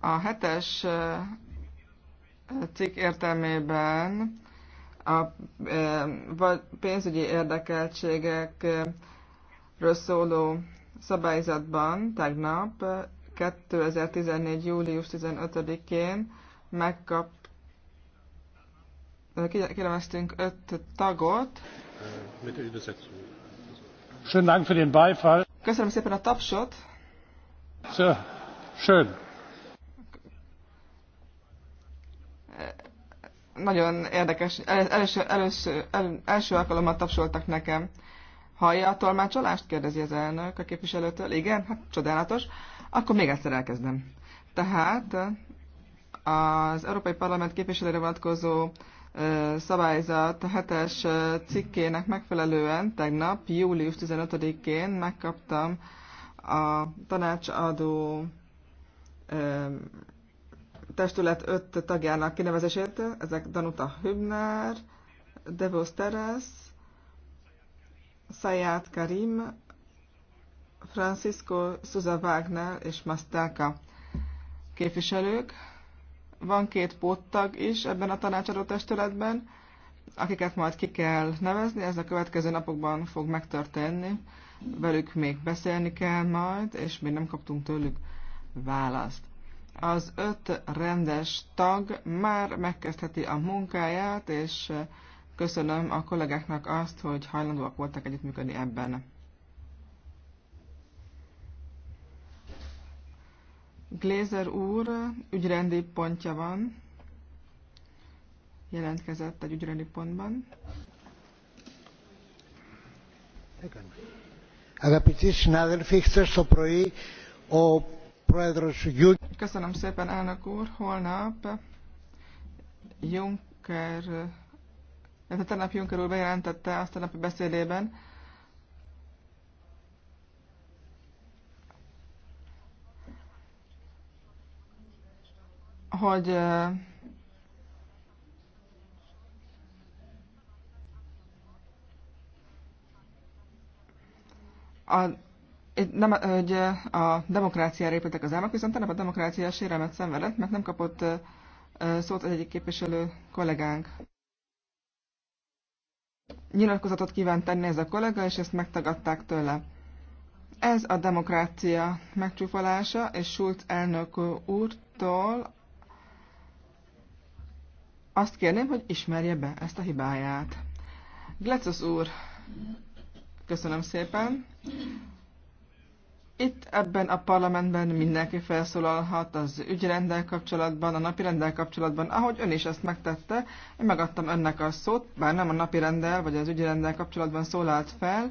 A hetes cikk értelmében a pénzügyi érdekeltségekről szóló szabályzatban tegnap 2014. július 15-én megkap kineveztünk öt tagot. Dank für den Beifall. Köszönöm szépen a tapsot. Schön. nagyon érdekes, először, először, el, első alkalommal tapsoltak nekem. Hallja a tolmácsolást? kérdezi az elnök a képviselőtől. Igen? Hát csodálatos. Akkor még egyszer elkezdem. Tehát eh, az Európai Parlament képviselőre vonatkozó eh, szabályzat hetes eh, cikkének megfelelően tegnap, július 15-én megkaptam a tanácsadó testület öt tagjának kinevezését, ezek Danuta Hübner, Devos Teres, Sayat Karim, Francisco Suza Wagner és Mastelka képviselők. Van két póttag is ebben a tanácsadó testületben, akiket majd ki kell nevezni, ez a következő napokban fog megtörténni. Velük még beszélni kell majd, és még nem kaptunk tőlük választ az öt rendes tag már megkezdheti a munkáját, és köszönöm a kollégáknak azt, hogy hajlandóak voltak együttműködni ebben. Glézer úr ügyrendi pontja van. Jelentkezett egy ügyrendi pontban. Αγαπητοί συνάδελφοι, χθε το πρωί ο πρόεδρος Γιούγκερ Köszönöm szépen, elnök úr. Holnap Juncker, a tegnap Juncker úr bejelentette azt a napi beszédében, hogy a nem, hogy a demokráciára épültek az államok, viszont tegnap a demokrácia sérelmet szenvedett, mert nem kapott szót egy egyik képviselő kollégánk. Nyilatkozatot kívánt tenni ez a kollega, és ezt megtagadták tőle. Ez a demokrácia megcsúfolása, és Schulz elnök úrtól azt kérném, hogy ismerje be ezt a hibáját. Glecos úr, köszönöm szépen. Itt ebben a parlamentben mindenki felszólalhat az ügyrendel kapcsolatban, a napirendel kapcsolatban, ahogy ön is ezt megtette. Én megadtam önnek a szót, bár nem a napirendel vagy az ügyrendel kapcsolatban szólalt fel,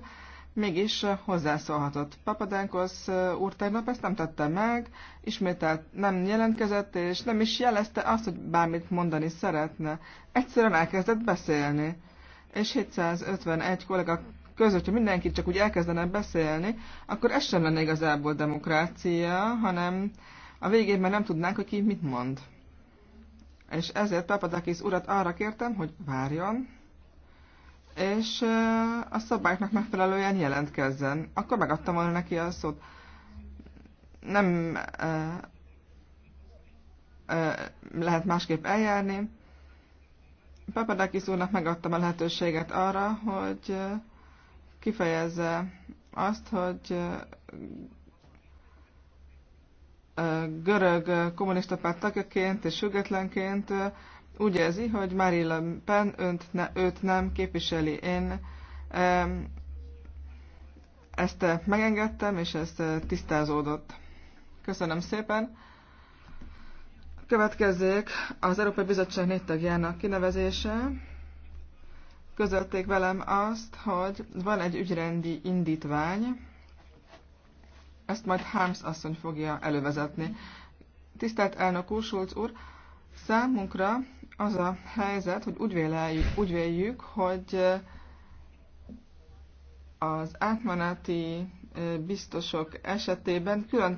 mégis hozzászólhatott. Papadenkosz uh, úr tegnap ezt nem tette meg, ismételt nem jelentkezett, és nem is jelezte azt, hogy bármit mondani szeretne. Egyszerűen elkezdett beszélni. És 751 kollega között, hogy mindenki csak úgy elkezdene beszélni, akkor ez sem lenne igazából demokrácia, hanem a végén már nem tudnánk, hogy ki mit mond. És ezért Papadakis urat arra kértem, hogy várjon, és a szabályoknak megfelelően jelentkezzen. Akkor megadtam volna neki a szót. Nem e, e, lehet másképp eljárni. Papadakis úrnak megadtam a lehetőséget arra, hogy kifejezze azt, hogy görög kommunista párt tagjaként és függetlenként úgy érzi, hogy Marie Le Pen önt ne, őt nem képviseli. Én ezt megengedtem, és ezt tisztázódott. Köszönöm szépen. Következzék az Európai Bizottság négy tagjának kinevezése közölték velem azt, hogy van egy ügyrendi indítvány, ezt majd Harms asszony fogja elővezetni. Tisztelt elnök úr, Schulz úr, számunkra az a helyzet, hogy úgy véleljük, úgy véljük hogy az átmeneti biztosok esetében külön kell